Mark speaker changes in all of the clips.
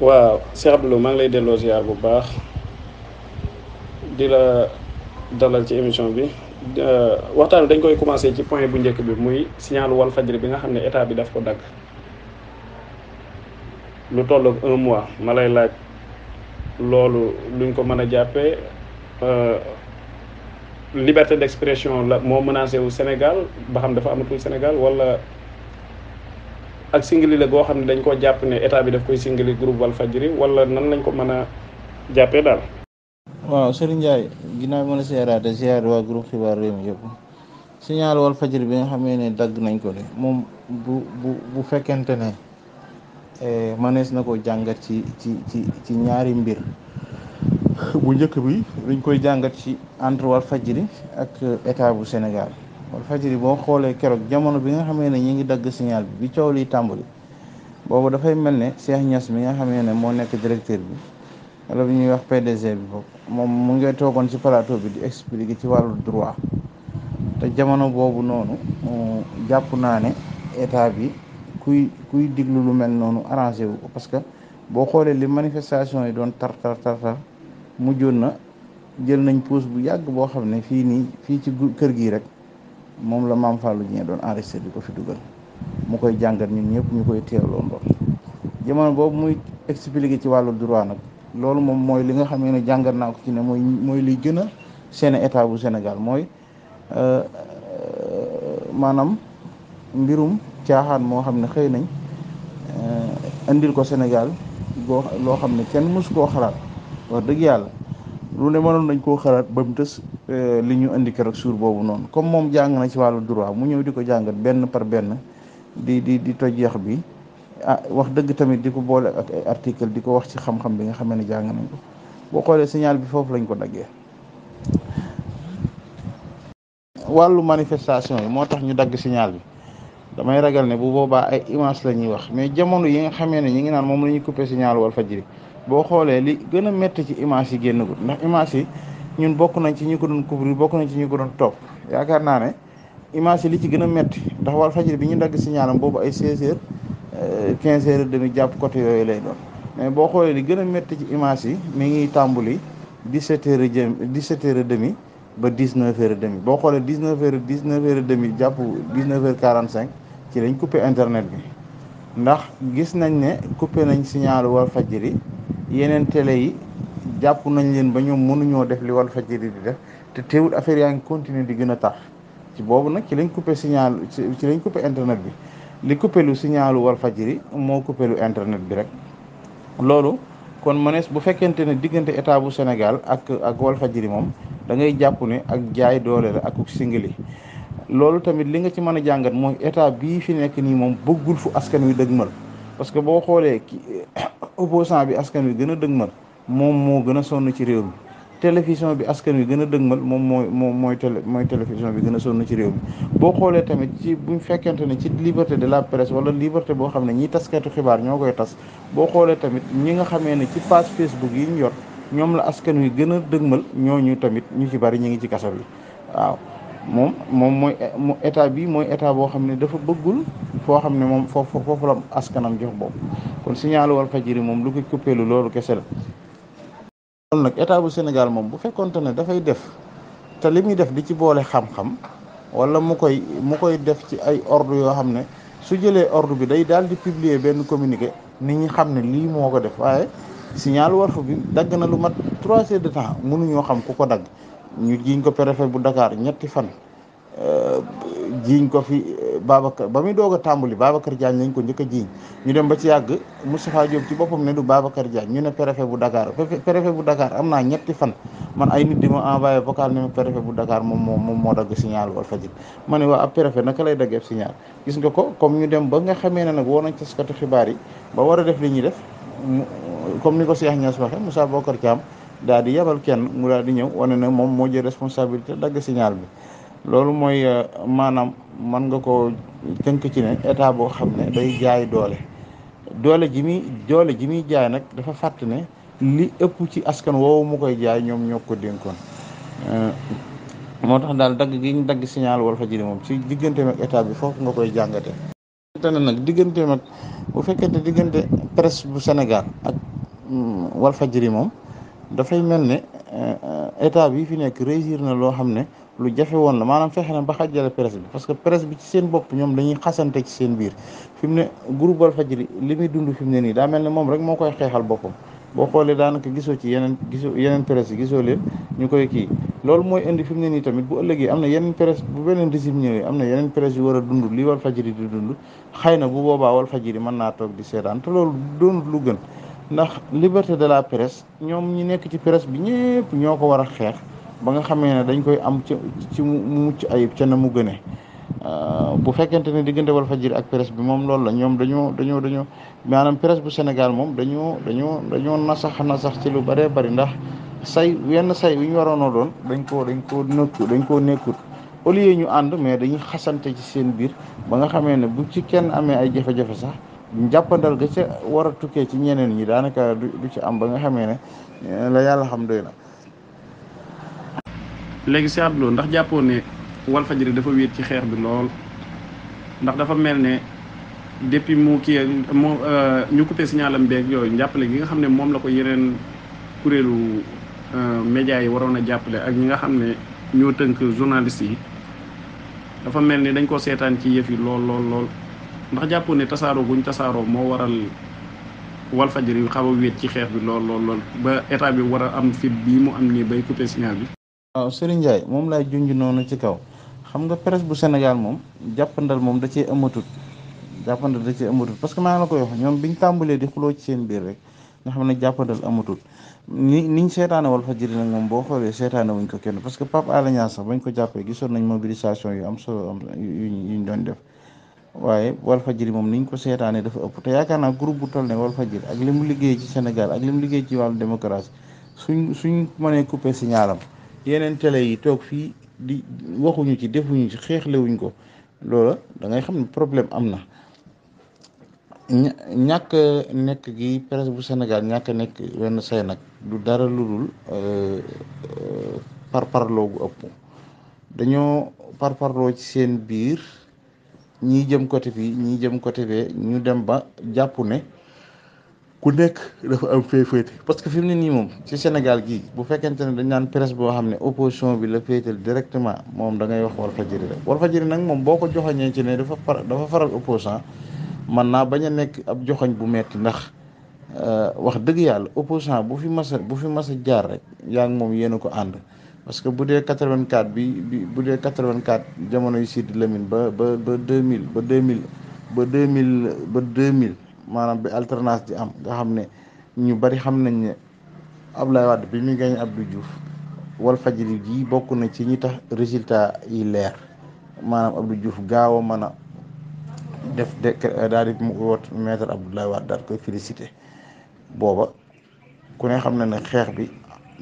Speaker 1: waaw Cheikh Abdoulou maa ngi lay delloo ziar bu baax dans la dalal ci émission bi euh, waxtaan dañ koy commencé ci point bu njëkk bi muy wal bi nga xam état bi daf ko dagg lu un mois ma lay luñ ko euh, liberté d'expression la moo Sénégal ba xam dafa Sénégal wala ak singili la goo xam ne dañ koo jàpp ne état bi daf koy singili groupe Walfadjri wala nan lañ ko mën a jàppee daal.
Speaker 2: waaw Serigne Ndiaye ginnaaw bi ma la siyaaraate siyaar waa groupe xibaar réew mi yëpp signal Walfadjri bi nga xamee ne dagg nañ ko ne moom bu bu bu fekkente ne eh, manees na ko jàngat ci ci ci ci ñaari mbir bu njëkk bi dañ koy jàngat ci entre fajiri ak état bu Sénégal. wal fajri boo xoolee keroog jamono bi nga xamee ne ñi ngi dagg signal bi bi coow liy tàmbali boobu dafay mel ne Cheikh ñas mi nga xamee ne moo nekk directeur bi wala bi ñuy wax PDG bi bokk moom mu ngi toogoon ci plateau bi di expliquer ci wàllu droit te jamono boobu noonu jàpp naa ne état bi kuy kuy diglu lu mel noonu arrangé wu parce que boo xoolee li manifestation yi doon tar tar tar tar mujjoon na jël nañ pause bu yàgg boo xam ne fii nii fii ci kër gii rek moom la maam Fallou Dieng doon enregistré di ko fi dugal mu koy jàngat ñun ñëpp ñu koy teewloo ndox jamono boobu muy expliqué ci wàllu droit nag loolu moom mooy li nga xamee ne jàngat naa ko ci ne mooy mooy liy gën a seen état bu Sénégal mooy euh, maanaam mbirum caaxaan moo xam ne xëy nañ euh, indil ko Sénégal loo xam ne kenn mësu koo xalaat wax dëgg yàlla. lu ne manon nañ ko xalat bam teus euh li ñu indi keroog suur boobu noonu comme mom jang na ci walu droit mu ñew diko ko ben par ben di di di toj yax bi ah wax deug tamit diko ko ak ay article diko wax ci xam-xam bi nga xamé ni jang nañ ko bo xolé signal bi fofu lañ ko daggé walu manifestation mo tax ñu dagg signal bi damay ragal ne bu boba ay image lañuy wax mais jamono yi nga xamé ni ñi ngi naan mom lañuy couper signal wal fajiri boo xoolee li gën a métti ci image yi génn gut ndax image yi ñun bokk nañ ci ñu ko doon couvrir bokk nañ ci ñi ko doon topp yaakaar naa ne image yi li ci gën a métti ndax wal fajiri bi ñu dagg signalam boobu ay 16 heures 15 euh, heures demi jàpp côté yooyu lay doon mais boo xoolee li gën a métti ci image yi mi ngi tàmbali 17 et jëm 17 heures et demi ba 19 heures demi boo xoolee 19 heures 19 heures et demi jàpp 19 heures 45 ci lañ coupé internet bi ndax gis nañ ne coupé nañ signalu wal fajiri yeneen télé yi jàpp nañ leen ba ñoom mënuñoo def li Walfadjri di def te teewul affaire yaa ngi continuer di gën a tar ci boobu nag ci lañ coupé signal ci lañ coupé internet bi li coupé lu signalu Walfadjri moo coupé internet bi rek loolu kon mënees bu fekkente ne diggante état bu Sénégal ak ak Walfadjri moom da ngay jàpp ne ak jaay doole la ak singali loolu tamit li nga ci mën a jàngat mooy état bii fi nekk nii moom bëggul fu askan wi dëgmal parce que boo xoolee ki opposant bi askan wi gën a dëgmal moom moo gën a sonn ci réew mi télévision bi askan wi gën a dëgmal moom mooy moom mooy télé mooy télévision bi gën sonn ci réew mi boo xoolee tamit ci buñ fekkente ne ci liberté de la presse wala liberté boo xam ne ñiy taskatu xibaar ñoo koy tas boo xoolee tamit ñi nga xamee ne ci page Facebook yi ñu yor ñoom la askan wi gën a dëgmal ñooñu tamit ñu ci bari ñu ngi ci kaso bi waaw moom moom mooy mu état bi mooy état boo xam ne dafa bëggul foo xam ne moom foofu la askanam jox boobu kon signaalu Walfadjri moom lu ko kuppeelu loolu kese la loolu nag état bu Sénégal moom bu fekkonte ne dafay def te li muy def di ci boole xam-xam wala mu koy mu koy def ci ay ordre yoo xam ne su jëlee ordre bi day daal di publier benn communiqué nit ñi xam ne lii moo ko def waaye signaalu Walf bi dagg na lu mat trois heures de temps mënuñoo xam ku ko dagg ñu jiiñ ko préfet bu Dakar ñetti fan euh, jiiñ ko fi euh, Babacar ba muy doog a tàmbali Babacar Diagne lañ ko njëkk a jiiñ ñu dem ba ci yàgg Moustapha Diop ci boppam ne du Babacar Diagne ñu ne préfet bu Dakar préfet bu Dakar am naa ñetti fan man ay nit di ma envoyé vocal ne ma préfet bu Dakar moom moo moom moo dagg signal wal fajit ma ne waa ab préfet naka lay daggeeb signal gis nga ko comme ñu dem ba nga xamee ne nag woo nañ taskatu xibaar yi ba war a def li ñuy def comme ni ko Cheikh Niass waxe Moussa Bokar Thiam daal di yebal kenn mu daal di ñëw wane nag moom moo jël responsabilité dagg signal bi loolu mooy euh, maanaam man nga ko tënk ci ne état boo xam ne day jaay doole doole ji muy doole ji muy jaay nag dafa fàtte ne li ëpp ci askan woowu mu koy jaay ñoom ñoo ko dénkoon euh, moo tax daal dagg gi ñu dagg signal Walfadjri moom ci diggante ak état bi foofu nga koy jàngate te ne nag digganteem ak bu diggante presse bu Sénégal ak mm, Walfadjri moom dafay mel ne euh, état bi fi nekk réussir na loo xam ne lu jafe woon la maanaam fexe na ba xajjale presse bi parce que presse bi ci seen bopp ñoom dañuy xasante ci seen biir fi mu ne groupe Walfadjri li muy dund fi mu ne nii daa mel ne moom rek moo koy xeexal boppam boo xoolee daanaka gisoo ci yeneen gisoo yeneen presse yi gisoo leen ñu koy kii loolu mooy indi fi ne nii tamit bu ëllëgee am na yeneen presse bu beneen régime ñëwee am na yeneen presse yu war a dund li Walfadjri di dund xëy na bu boobaa Walfadjri mën naa toog di seetaan te loolu doonut lu gën ndax liberté de la presse ñoom ñi nekk ci presse bi ñëpp ñoo ko war a xeex ba nga xamee ne dañ koy am ci ci mu mucc ayib ca na mu gëne euh, bu fekkente ne diggante Walfadjri ak presse bi moom loolu la ñoom dañoo dañoo dañoo maanaam presse bu Sénégal moom dañoo dañoo dañoo nasax nasax ci lu bëree bari ndax say wenn say yu ñu waroonoo doon dañ ko dañ koo nëkku dañ koo nekkut au lieu ñu ànd mais dañuy xasante ci seen biir ba nga xamee ne bu ci kenn amee ay jafe-jafe sax njàppandal ga ca war a ci ñeneen ñi
Speaker 1: daanaka du ci am ba nga xamee ne la yàlla xam doy na. léegi si àdduloo ndax jàppoo ne Walfadjri dafa wéet ci xeex bi lool ndax dafa mel ne depuis mu kii moom euh, ñu coupé signalam beeg yooyu njàppale gi nga xam ne moom la ko yeneen kuréelu euh, médias yi waroon a jàppale ak ñi nga xam ne ñoo tënk journaliste yi dafa mel ni dañ ko seetaan ci yëf yi lool lool. ndax jàppoon ne tasaaroo guñ tasaaroo moo waral wal Walfadjri xaw a wéet ci xeex bi lool lool lool ba état bi war a am fit bii mu am nii bay coupé signal bi.
Speaker 2: waaw Serigne Ndiaye moom laay junj noonu ci kaw xam nga presse bu Sénégal moom jàppandal moom da ci ëmmatut jàppandal da cee ëmmatut parce que maa la koy wax ñoom biñ tàmbalee di xuloo ci seen biir rek nga xam ne jàppandal ëmmatut ni niñ seetaane Walfadjri nag moom boo xoolee seetaane wuñ ko kenn parce que Pape Alé Niang sax bañ ko jàppee gisoon nañ mobilisation yu ñu doon def. waaye Walfadjri moom niñ ko seetaanee dafa ëpp te yaakaar naa groupe bu toll ne Walfadjri ak li mu liggéey ci Sénégal ak li liggéey ci wàllu démocratie suñ suñ mënee couper signalam yeneen télé yi toog fii di waxuñu ci defuñu ci xeexlewuñ ko loola da ngay xam ne problème am na ñàkk nekk gi presse bu Sénégal ñàkk nekk wenn say nag du dara lu dul euh, euh, parloo gu ëpp dañoo parparloo ci seen biir ñii jëm côté bii ñii jëm côté bee ñu dem ba jàpp ne ku nekk dafa am fee féete parce que fi ne nii moom ci Sénégal gii bu fekkente ne dañ naan presse boo xam ne opposition bi la féetal directement moom da ngay wax Walfadjri rek Walfadjri nag moom boo ko joxoñee ci ne dafa far dafa faral opposant man naa bañ a nekk ab joxoñ bu metti ndax euh, wax dëgg yàlla opposant bu fi mas bu fi mas jaar rek yaa ngi moom yéen a ko ànd parce que bu dee 84 bi bi bu dee 84 jamono yu Sidi Lamine ba ba ba 2000 ba 2000 ba 2000 ba 2000 maanaam bi alternance di am nga xam ne ñu bari xam nañ ne Abdoulaye Wade bi muy gagné Abdou Diouf Walfadjri ji bokk na ci ñi tax résultat yi leer maanaam Abdou Diouf gaaw a mën a def daal di mu woot maître Abdoulaye Wade daal koy félicité booba ku ne xam na ne xeex bi.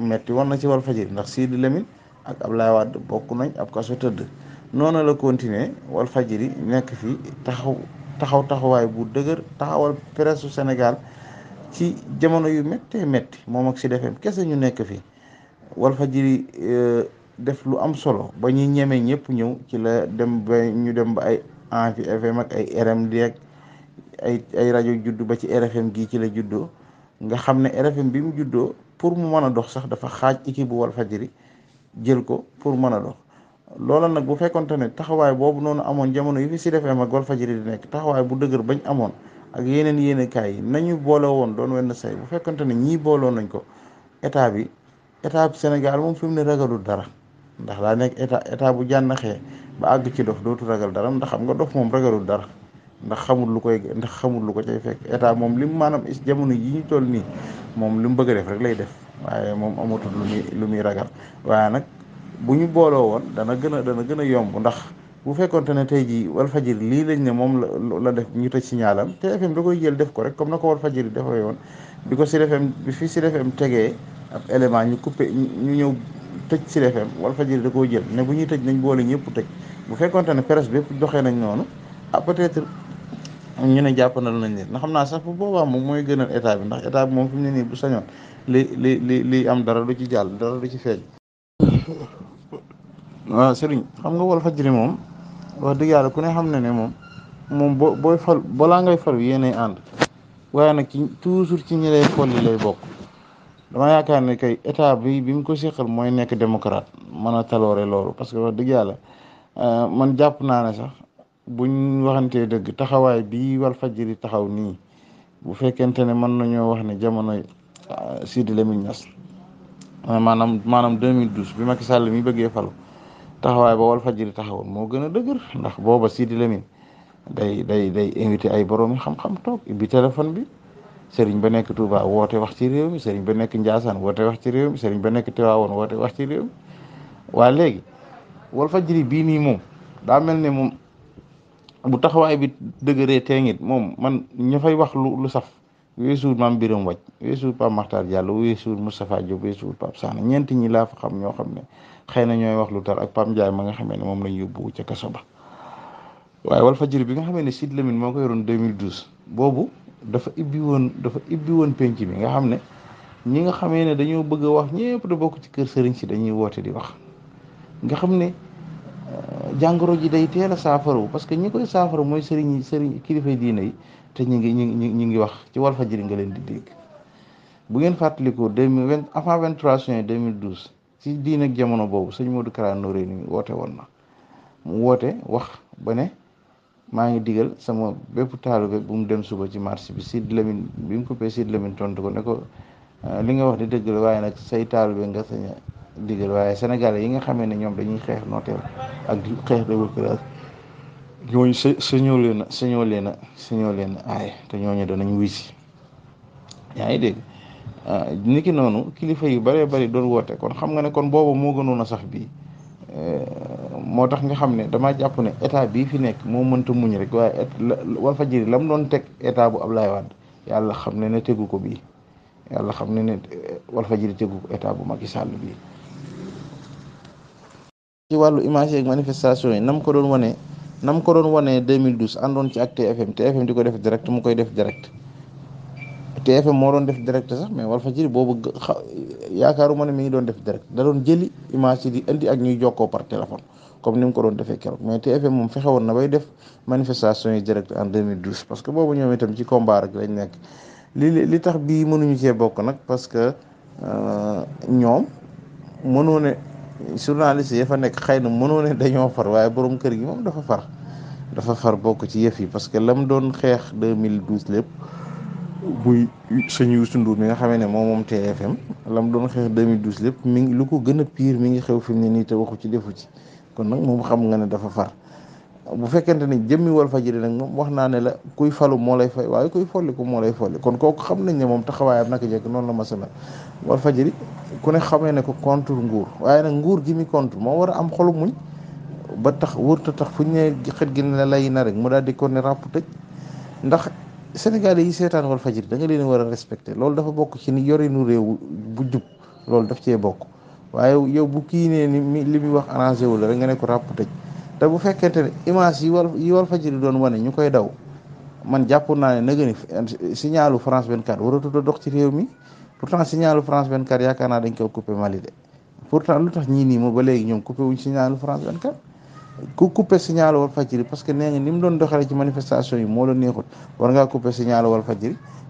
Speaker 2: metti woon na ci wal fajiri ndax Sidi Lamine ak Ablaye Wade bokk nañ ab kaso tëdd noonu la continuer wal fajiri nekk fi taxaw taxaw taxawaay bu dëgër taxawal presse su Sénégal ci jamono yu méttee métti moom ak si FM kese ñu nekk fi wal fajiri euh, def lu am solo ba ñuy ñemee ñëpp ñëw ci la dem ba ñu dem ba ay Envi FM ak ay RMD ak ay ay rajo juddu ba ci RFM gii ci la juddoo nga xam ne RFM bi mu juddoo pour mu mën a dox sax dafa xaaj équipe bu fajiri jël ko pour mën a dox loola nag bu fekkonte ne taxawaay boobu noonu amoon jamono yi fi si defee mag fajiri di nekk taxawaay bu dëgër bañ amoon ak yeneen yéenekaay yi nañu boole woon doon wenn say bu fekkonte ne ñii booloo nañ ko état bi état Sénégal moom fi mu ne ragalul dara ndax daa nekk état état bu jànnaxee ba àgg ci dof dootu ragal dara ndax xam nga dof moom ragalul dara ndax xamul lu koy ndax xamul lu ko cay fekk état moom lim maanaam jamono yi ñu toll nii moom li mu bëgg def rek lay def waaye moom amatul lu muy lu muy ragal waaye nag bu ñu booloo woon dana gën a dana gën a yomb ndax bu fekkonte ne tey jii Walfadjri lii lañ ne moom la la def ñu tëj signalam te FM da koy jël def ko rek comme na ko Walfadjri defee woon bi ko Sud FM bi fi Sud tegee élément ñu coupé ñu ñëw tëj Sud FM Walfadjri da koo jël ne bu ñuy tëj nañ boole ñëpp tëj bu fekkonte ne presse bépp doxee nañ noonu ah peut ñu ne jàppandal nañ leen na xam naa sax bu boobaa moom mooy gënal état bi ndax état bi moom fi mu ne nii bu sañoon li li am dara du ci jàll dara du ci feeñ waaw sëriñ xam nga wal fajri moom wax dëgg yàlla ku ne xam ne ne moom moom boo booy fal balaa ngay fal yéenay ànd waaye nag ci toujours ci ñi lay folli lay bokk dama yaakaar ne kay état bi bi mu ko seqal mooy nekk démocrate mën a taloore loolu parce que wax dëgg yàlla euh, man jàpp naa ne sax buñ waxantee dëgg taxawaay bi Walfadjri taxaw nii bu fekkente ne mën nañoo wax ne jamonoy ah, Sidi Lamine Niass maanaam maanaam 2012 bi Macky Sall mi bëggee falu taxawaay ba Walfadjri taxawoon moo gën a dëgër ndax booba Sidi Lamine day day day invité ay boroomi xam-xam toog bi téléphone bi sëriñ ba nekk Touba woote wax ci réew mi sëriñ ba nekk Ndiassane woote wax ci réew mi sëriñ ba nekk Tivaouane woote wax ci réew mi waa léegi Walfadjri bii moom daa mel moom. bu taxawaay bi dëgëree teengit moom man ña fay wax lu lu saf weesuur maam biram wàcc weesuur Pape Makhtar Diallo weesuur Moustapha Diop weesuur Pape Sane ñeent ñi laa fa xam ñoo xam ne xëy na ñooy wax lu tar ak Pape Ndiaye ma nga xamee ne moom lañ yóbbu ca kaso waaye wal fajiri bi nga xamee ne Sid Lamine moo ko yoroon 2012 boobu dafa ibbi woon dafa ibbi woon penc bi nga xam ne ñi nga xamee ne dañoo bëgg a wax ñëpp da bokk ci kër sëriñ si dañuy woote di wax nga xam ne jàngoro ji day teel a saafaru parce que ñi koy saafaru mooy sëriñ sëriñ kilifa diina yi te ñu ngi ñu ñu ngi wax ci Walfadjri nga leen di dégg bu ngeen fàttaliku deux mille avant vingt trois juin deux mille douze ci diina jamono boobu sëñ Modou Kara Noreyni woote woon na mu woote wax ba ne maa ngi digal sama bépp taalibe bu mu dem suba ci marché bi Sidi Lamine bi mu coupé Sidi Lamine tontu ko ne ko euh, li nga wax di dégg la waaye nag say taalibe nga sañ digal waaye sénégalais yi nga xame ne ñoom dañuy xeex nooteel ak di xeex démocratie ñooñu sa sañoo leen a sañoo leen a sañoo leen a aaye te ñooñu danañ wuy si yaa ngi dégg ah, niki noonu kilifa yu bëree bëri doon woote kon xam nga ne kon booba moo gënoon a sax bii eh, moo tax nga xam ne dama jàpp ne état bii fi nekk moo mënta muñ rek waaye Walfadjri la mu doon teg état bu Ablaye Wade yàlla xam ne na tegu ko bi yàlla xam ne ne eh, Walfadjri tegu ko état bu Macky Sall bii ci wàllu image yeeg manifestation yi nam ko doon wane nam ko doon wane 2012 àndoon ci ak TFM TFM di ko def direct mu koy def direct TFM moo doon def direct sax mais Walfadjri boobu yaakaaruma ne mi ngi doon def direct da doon jëli image yi di indi ak ñuy jokkoo par téléphone comme ni mu ko doon defee keroog mais TFM moom fexe woon na bay def manifestation yi direct en 2012 parce que boobu ñoom itam ci combat rek lañ nekk li li tax bii mënuñu cee bokk nag parce que euh, ñoom mënoo journaliste yi fa nekk xëy na mënoo ne dañoo far waaye boroom kër gi moom dafa far dafa far bokk ci yëf yi parce que lam doon xeex 2012 lépp muy sëñ Youssou Ndour mi nga xamee ne moom moom TFM lam doon xeex 2012 lépp mi ngi lu ko gën a pire mi ngi xew fi mu ne nii te waxu ci defu ci kon nag moom xam nga ne dafa far. bu fekkente ni jëmmi Walfadjri nag moom wax naa ne la kuy falu moo lay fay waaye kuy folliku moo lay folli kon kooku xam nañ ne moom taxawaayam naka jekk noonu la ma seme Walfadjri ku ne xamee ne ko contre nguur waaye nag nguur gi mi contre moo war a am xolu muñ ba tax wërta tax fu ñu ne xet gi ne lay na rek mu daal di ko ne ràpp tëj ndax Sénégalais yi seetaan wal da nga leen war a respecté loolu dafa bokk ci ni yorinu réew bu jub loolu daf cee bokk waaye yow bu kii nee ni li muy wax arrangé wu la rek nga ne ko ràpp tëj te bu fekkente ne image yi wal yi wal fajiri doon wane ñu koy daw man jàpp naa ne na gën a signalu France 24 waratu da dox ci réew mi pourtant signalu France 24 yaakaar naa dañ koy coupé Mali de pourtant lu tax nii moom ba léegi ñoom coupé wuñ signalu France 24 ku coupé signalu wal fajiri parce que nee ni mu doon doxalee ci manifestation yi moo la neexut war ngaa coupé signalu wal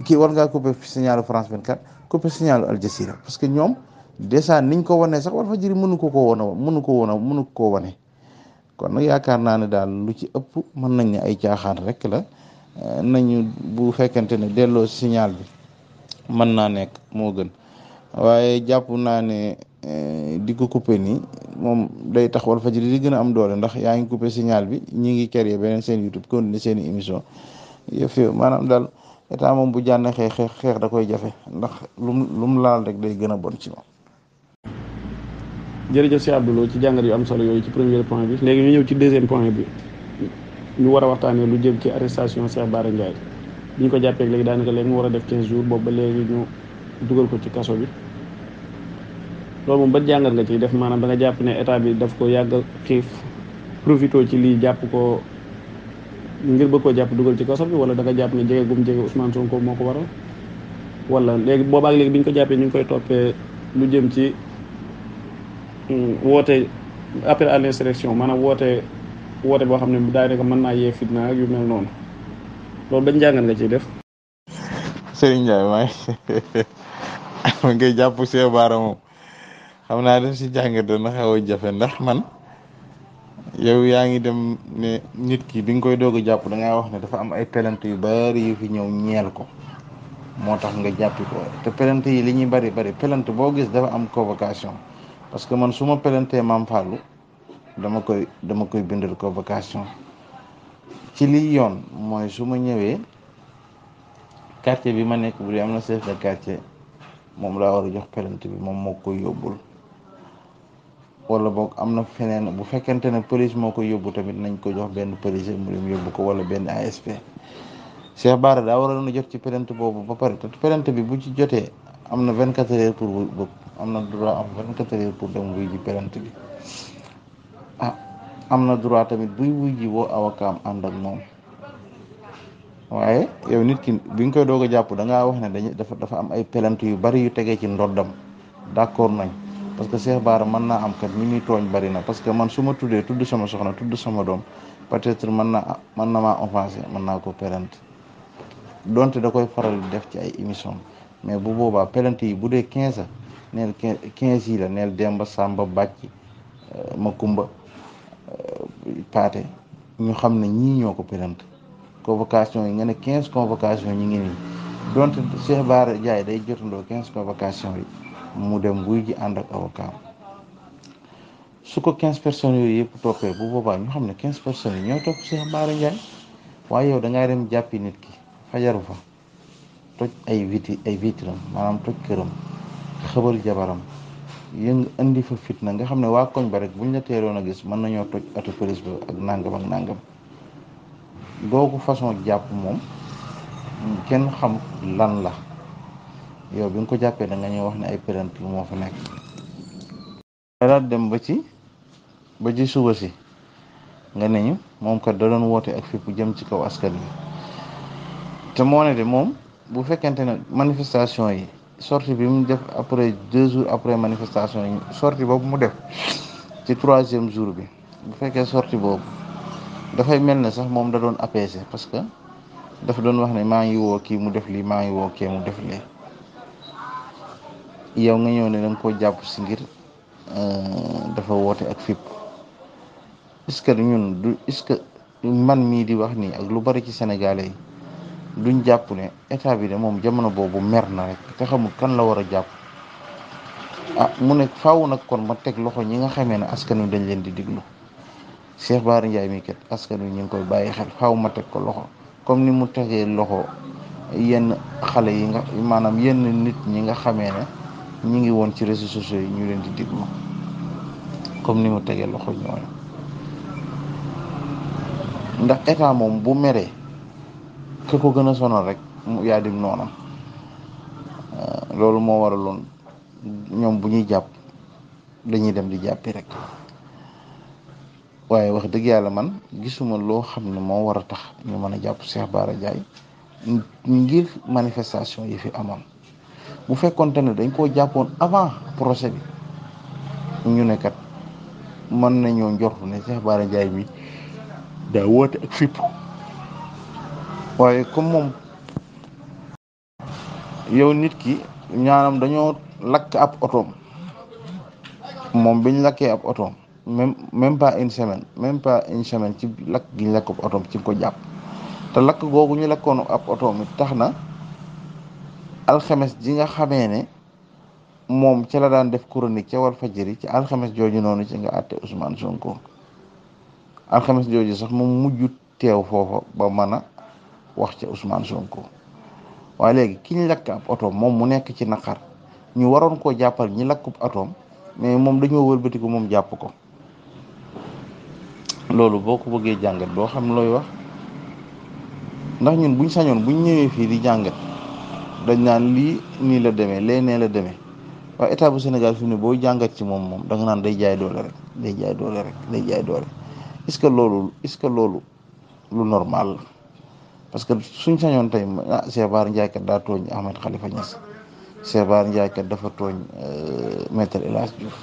Speaker 2: kii war ngaa coupé signalu France 24 coupé signalu Al Jazeera parce que ñoom dèjà niñ ko wanee sax wal fajiri mënu ko ko woon a mënu ko woon mënu ko ko wane kon nag yaakaar naa ne daal lu ci ëpp mën nañ ne ay caaxaan rek la eh, nañu bu fekkente ne delloo signal bi mën naa nekk moo gën waaye jàpp naa ne eh, di ko couper nii moom day tax Walfadjri di gën a am doole ndax yaa ngi couper signal bi ñi ngi créé beneen seen YouTube continuer ni seeni émission yëf yi maanaam daal état moom bu jànnee xeex xeex xeex da koy jafe ndax lum lum laal rek day gën a bon ci moom.
Speaker 1: jërëjëf si Abdoulou ci jàngat yu am solo yooyu ci premier point bi léegi ñu ñëw ci deuxième point bi ñu war a waxtaanee lu jëm ci arrestation Cheikh Bara Ndiaye bi ñu ko jàppee léegi daanaka léegi mu war a def 15 jours boobu ba léegi ñu dugal ko ci kaso bi loolu moom ba jàngat nga ciy def maanaam da nga jàpp ne état bi daf ko yàgg xiif profité ci lii jàpp ko ngir bëgg koo dugal ci kaso bi wala da nga jàpp ne jege gum jege Ousmane Sonko moo ko waral wala léegi boobaak léegi bi ñu ko jàppee ñu ngi koy toppee lu jëm ci woote appel à l'insurrection mana woote woote boo xam ne daanaka mën naa yee fitna ak yu mel noonu loolu bañ jàngat nga ciy def.
Speaker 2: Serigne Ndiaye maa ngi jàpp see baara moom xam naa def si jàngat dana xew a jafe ndax man yow yaa ngi dem ne nit ki bi nga koy doog a jàpp da ngaa wax ne dafa am ay pelante yu bari yu fi ñëw ñeel ko moo tax nga jàppi ko te pelante yi li ñuy bari bari pelante boo gis dafa am convocation. parce que man suma ma pelantee maam Fallou dama koy dama koy bindal convocation ci liy yoon mooy su ma ñëwee quartier bi ma nekk bu dee am na chef de quartier moom laa war a jox pelante bi moom moo koy yóbbul wala boog am na feneen bu fekkente ne police moo koy yóbbu tamit nañ ko jox benn police mu yóbbu ko wala benn ASP Cheikh Bara daa waroon na jot ci pelante boobu ba pare te pelante bi bu ci jotee am na vingt quatre heures pour bëgg am na droit am vingt quatre heures pour dem wuy ji plainte bi ah am na droit tamit buy wuy ji woo avocat am ànd ak moom waaye yow nit ki bi nga koy doog a jàpp da ngaa wax ne dañu dafa dafa am ay plainte yu bari yu tegee ci ndoddam d'accord nañ parce que Cheikh Bara mën naa am kat ñi muy tooñ bari na parce que man su ma tuddee tudd sama soxna tudd sama doom peut-être mën na mën na maa offensé mën naa ko plainte donte da koy faral def ci ay émission mais bu boobaa pelante yi bu dee quinze neel quinze yi la neel Demba Samba Bàcci euh, Makumba euh, Paate ñu xam ne ñii ñoo ko pelante convocation yi nga ne quinze convocation ñi ngi nii donte Cheikh Bara Ndiaye day jotandoo quinze convocation yi mu dem buy ji ànd ak avocat quinze personnes yooyu yëpp toppee bu boobaa ñu xam ne quinze personnes yi ñoo topp Cheikh Bara Ndiaye waaye yow da ngay dem jàppi nit ki fajaru fa toj ay viti ay vitram maanaam toj këram xëbal jabaram yëng indi fa fitna nga xam ne waa koñ ba rek buñ la teeroon a gis mën nañoo toj atu police ba ak nangam ak nangam googu façon jàpp moom kenn xam lan la yow bi nga ko jàppee da nga ñuy wax ne ay pérentil moo fa nekk dara dem ba ci ba ci suba si nga ne ñu moom kat da doon woote ak fipp jëm ci kaw askan wi te moo ne de moom bu fekkente ne manifestation yi sorti bi mu def après deux jours après manifestation yi sorti boobu mu def ci troisième jour bi bu fekkee sorti boobu dafay mel ne sax moom da doon apaiser parce que dafa doon wax ne maa ngi woo kii mu def lii maa ngi woo kee mu def lii yow nga ñëw ne da nga koo jàpp si ngir euh, dafa woote ak fipp est-ce que ñun du que man mii di wax nii ak lu bari ci sénégalais yi. duñ jàpp ne état bi de moom jamono boobu mer na rek te xamul kan la war a jàpp ah mu ne faaw nag kon ma teg loxo ñi nga xamee ne askan wi dañ leen di diglu Cheikh Ndiaye mi kat askan wi ñu ngi koy bàyyi xel faaw ma teg ko loxo comme ni mu tegee loxo yenn xale yi nga maanaam yenn nit ñi nga xamee na ñi ngi woon ci réseaux sociaux yi ñu leen di diglu comme ni mu tegee loxo ñooñu ndax état moom bu meree. ki ko gën a sonal rek yaa dim noonam euh, loolu moo waraloon ñoom bu ñuy jàpp dañuy dem di jàppi rek waaye wax dëgg yàlla man gisuma loo xam ne moo war a tax ñu mën a jàpp Cheikh Bara Ndiaye ngir manifestation yi fi amoon bu fekkonte ne dañ koo jàppoon avant procès bi ñu ne kat mën nañoo njort ne Cheikh Bara Ndiaye mi daa woote ak fipp waaye comme moom yow nit ki ñaanam dañoo lakk ab otoom moom biñ lakkee ab otoom même même pas une ci lakk gi ñu lakk ab otoom ci nga ko jàpp te lakk googu ñu lakkoon ab otoom it tax na alxames ji nga xamee ne moom ca la daan def chronique ca Walfadjri ci alxames jooju noonu ci nga àtte Ousmane Sonko alxames jooju sax moom mujjut teew foofa ba mën a wax ci Ousmane Sonko waaye legi ki ñu lakk ab auto mom mu nekk ci naqar ñu waroon ko jappal ñi lakkub auto mais moom dañoo ko mom japp ko lolu boo ko bëggee jàngat xam loy wax ndax ñun buñ sañoon buñ ñëwee fii di jàngat dañ naan lii nii la demee lee nee la demee waaye état bu Sénégal fi ne boo jàngat ci moom moom da nga naan day jaay doole rek day jaay doole rek day jaay doole est-ce que loolu est-ce que loolu lu normal parce que suñ sañoon tey ah Cheikh Bara Ndiaye kat daa tooñ Ahmed Khalifa Niass Cheikh Bara Ndiaye dafa tooñ euh, maître El Hadj Diouf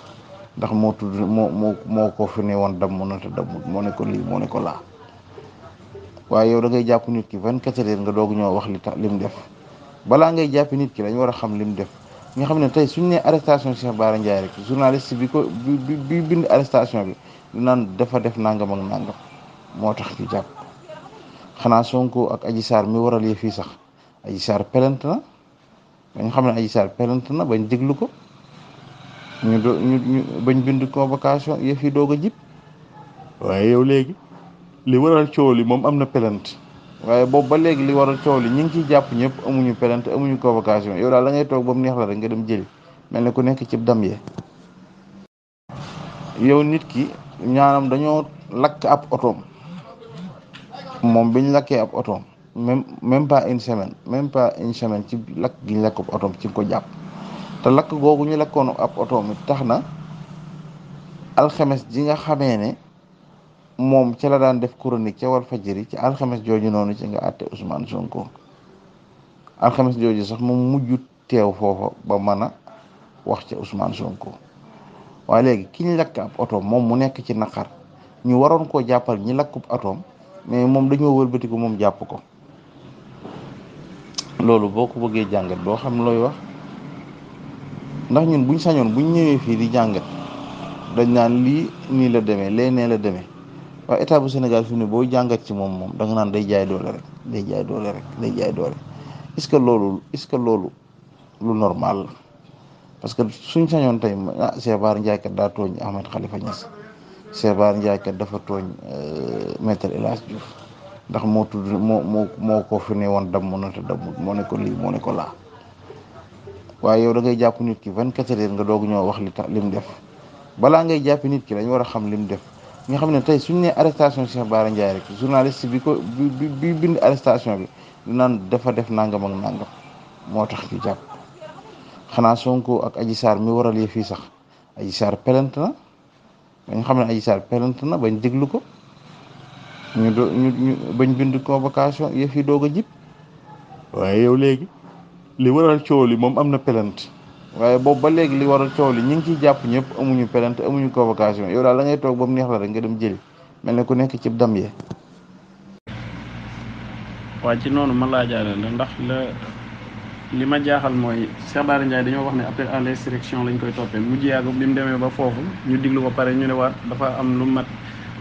Speaker 2: ndax moo tudd moo moo moo na te moo ne lii moo ne ko laa waaye yow da ngay jàpp nit ki vingt quatre nga doog ñoo wax li tax lim def jàpp nit ki dañ war a xam lim def nga xam ne tey suñ ne arrestation Cheikh Bara Ndiaye bi ko bi bind arrestation bi naan dafa def nangam ak moo tax ñu jàpp xanaa Sonko ak Adji Sarr mi waral yëf yi sax Adji Sarr pelante na bañ xam ne Adji Sarr pelante na bañ déglu ko bañ bind convocation yëf yi doog a jib waaye yow léegi li waral coow li moom am na pelante waaye boobu ba léegi li waral coow li ñu ngi ciy jàpp ñëpp amuñu pelante amuñu convocation yow daal da ngay toog ba mu neex la rek nga dem jëli mel ne ku nekk ci dam yee yow nit ki ñaanam dañoo lakk ab otom moom biñ lakkee ab otoom même même pas une semaine même pas semaine ci lakk gi ñu lakk ab ci nga ko jàpp te lakk googu ñu lakkoon ab otoom it tax na alxemes ji nga xamee ne moom ca la daan def chronique ca Walfadjri ci alxemes jooju noonu ci nga àtte Ousmane Sonko alxames jooju sax mu mujj teew foofa ba mën a wax ca Ousmane Sonko waaye léegi ki ñu lakk ab otoom moom mu nekk ci naqar ñu waroon koo jàppal ñi lakkub otoom. mais moom dañoo wëlbatiku moom jàpp ko loolu boo ko bëggee jàngat doo xam looy wax ndax ñun buñ sañoon buñ ñëwee fii di jàngat dañ naan lii nii la demee lee nee la demee waa état bu Sénégal fi boo jàngat ci moom moom da naan day jaay doole rek day jaay doole rek day jaay doole est que loolu est-ce que loolu lu normal parce que suñ sañoon tey ah Cheikh Bara Ndiaye kat daa tooñ Ahmed Khalifa Niass Cheikh Bara Ndiaye dafa tooñ euh, maître El Hadj ndax moo tudd moo moo moo ko ne woon damm na te dammut moo ne ko lii moo ne ko laa waaye yow da ngay jàpp nit ki vingt quatre heures nga doog ñoo wax li tax lim def balaa ngay jàpp nit ki dañ war a xam lim def nga xam ne tey suñ nee arrestation Cheikh Bara Ndiaye rek journaliste bi ko bi bi bind arrestation bi naan dafa def nangam ak nangam moo tax ki jàpp xanaa Sonko ak Adji mi waral yëf sax Adji pelent na. bañ xam ne Adji Sarr plainte na bañ déglu ko ñu do ñu bañ bind convocation yëf yi doog a jib waaye yow léegi li waral coow li moom am na plainte waaye boobu ba léegi li waral coow li ñu ngi ciy jàpp ñëpp amuñu plainte amuñu convocation yow daal la ngay toog ba mu neex la rek nga dem jëli mel ne ku nekk ci dam yee.
Speaker 1: waa ci noonu ma laajaale ndax li ma jaaxal mooy Cheikh Bara dañoo wax ne appel à l'insurrection lañ koy toppee mujj yàgg bi mu demee ba foofu ñu diglu ko pare ñu ne waat dafa am lu mat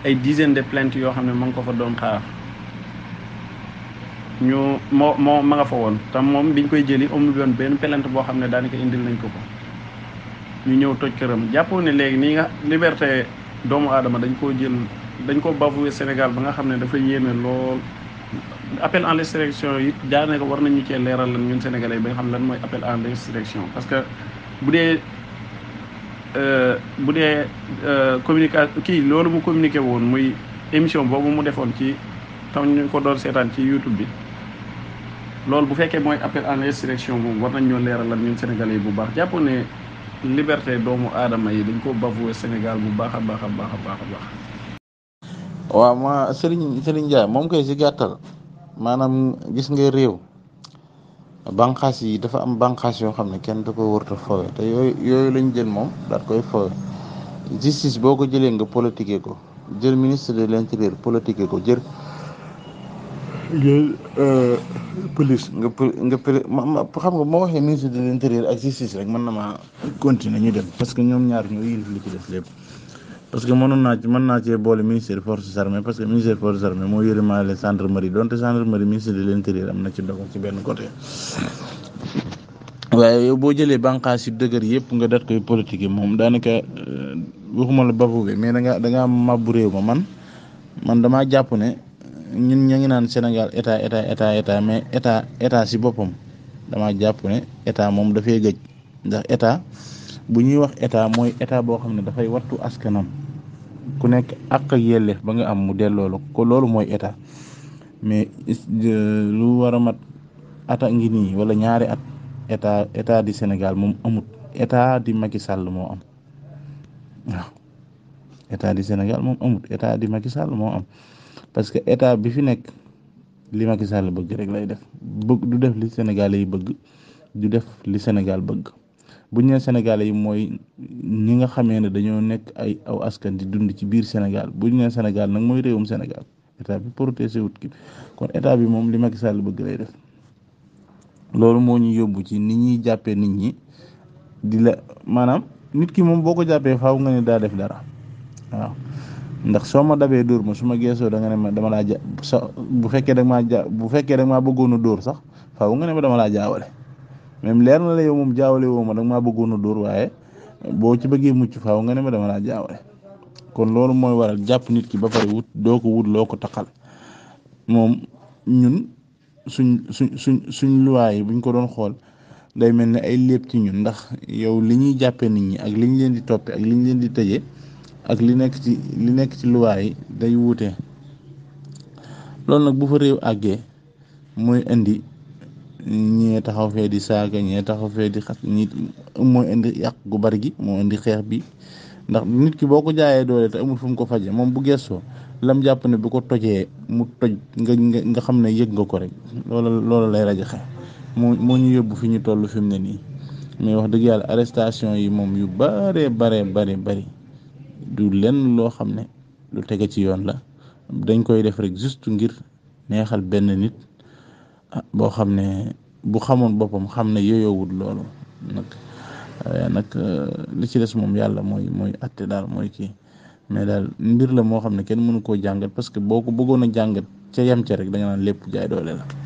Speaker 1: ay dizaine de plaintes yoo xam ne ma nga fa doon xaar moo moo fa woon te moom biñ koy jëli amul woon benn plainte boo xam ne daanaka indil nañ ko ko ñu ñëw toj këram jàppoon ni léegi nii nga liberté doomu aadama dañ koo jël dañ ko bafoué Sénégal ba nga xam ne dafa yéeme lool appel en l'insurrection yi daanaka war nañu cee leeral lan ñun sénégalais xam lan mooy appel en l'insurrection parce que bu dee euh, bu dee euh, communication kii loolu mu communiqué woon muy émission boobu mu defoon ci taw ñu ko doon seetaan ci YouTube bi loolu bu fekkee mooy appel en insurrection boobu war nañ ñoo leeral lan ñun sénégalais bu baax jàpp ne liberté doomu aadama yi dañ ko bafoué Sénégal bu baax a baax a baax a baax a baax.
Speaker 2: waaw ma Serigne Serigne Ndiaye moom maanaam gis nga réew banqaas yi dafa am banqaas yoo xam ne kenn da ko wërta fowe te yooyu yooyu lañ jël moom daal koy fowe justice boo ko jëlee nga politiqué ko jël ministre de l'intérieur politiqué ko jël jël euh, police nga nga xam nga moo waxee ministre de l'intérieur ak justice rek mën na ma continuer ñu dem parce que ñoom ñaar ñu yilif li ci def lépp parce que mënoon naa ci naa cee boole ministère forces armées parce que ministère forces armées moo yëre maale gendarmerie donte gendarmerie ministère de l'intérieur am na ci dogal ci benn côté waaye yow boo jëlee bànqaas si dëgër yëpp nga dat koy politique moom daanaka euh, waxuma la bafuge mais da nga da ngaa mabbu réew ma man man damaa jàpp ne ñun ña ngi naan Sénégal état état état état mais état état si boppam damaa jàpp ne état moom dafay gëj ndax état bu ñuy wax état mooy état boo xam ne dafay wattu askanam ku nekk ak ak ba nga am mu delloo lo ko loolu mooy état mais lu war mat ata ngi nii wala ñaari at état état di Senegal moom amut état di Macky Sall moo am eta di Senegal moom amut état di Macky Sall moo am parce que eta bi fi nekk li Macky Sall bëgg rek lay def bëgg du def li Sénégalais yi bëgg du def li Sénégal bëgg. bu buñ ne sénégalais yi mooy ni nga xamee ne dañoo nekk ay aw askan di dund ci biir Sénégal bu ñu ne Sénégal nag mooy réewum Sénégal état bi protégé wut ki kon état bi moom li Macky Sall bëgg lay def loolu moo ñu yóbbu ci nit ñuy jàppee nit ñi di la maanaam nit ki moom boo ko jàppee faaw nga ne daa def dara waaw ndax soo ma dabee dóor ma su ma geesoo da nga ne ma dama laa ja bu fekkee da maa ja bu fekkee da maa bëggoon a dóor sax faaw nga ne ma dama laa jaawale même leer na la yow moom jaawale ma nag maa bëggoon a dóor waaye boo ci bëggee mucc faaw nga ne ma dama laa jaawale kon loolu mooy waral jàpp nit ki ba pare wut doo ko wut loo ko taxal moom ñun suñ suñ suñ suñ luwaay buñ ko doon xool day mel ne ay lépp ci ñun ndax yow li ñuy jàppee nit ñi ak liñ leen di toppee ak li ñu leen di tëjee ak li nekk ci li nekk ci luwaay day wuute loolu nag bu fa réew àggee mooy indi. ñee taxaw fee di saaga ñee taxaw fee di xas ñi mooy indi yàq gu bari gi moo indi xeex bi ndax nit ki boo ko jaayee doole te amul fu mu ko faje moom bu gestoo lam jàpp ne bu ko tojee mu toj nga nga xam ne yëg nga ko rek loola loola lay rajaxe moo moo ñu yóbbu fi ñu toll fi mu ne nii mais wax dëgg yàlla arrestation yi moom yu bare bare bare bari du lenn loo xam ne lu tege ci yoon la dañ koy def rek juste ngir neexal benn nit boo xam ne bu xamoon boppam xam ne yooyowut loolu nag waaye eh, nag eh, li ci des moom yàlla mooy mooy atte daal mooy kii mais daal mbir la moo xam ne kenn mënu koo jàngat parce que boo ko bëggoon a jàngat ca yam ca rek da nga naan lépp jaay doole la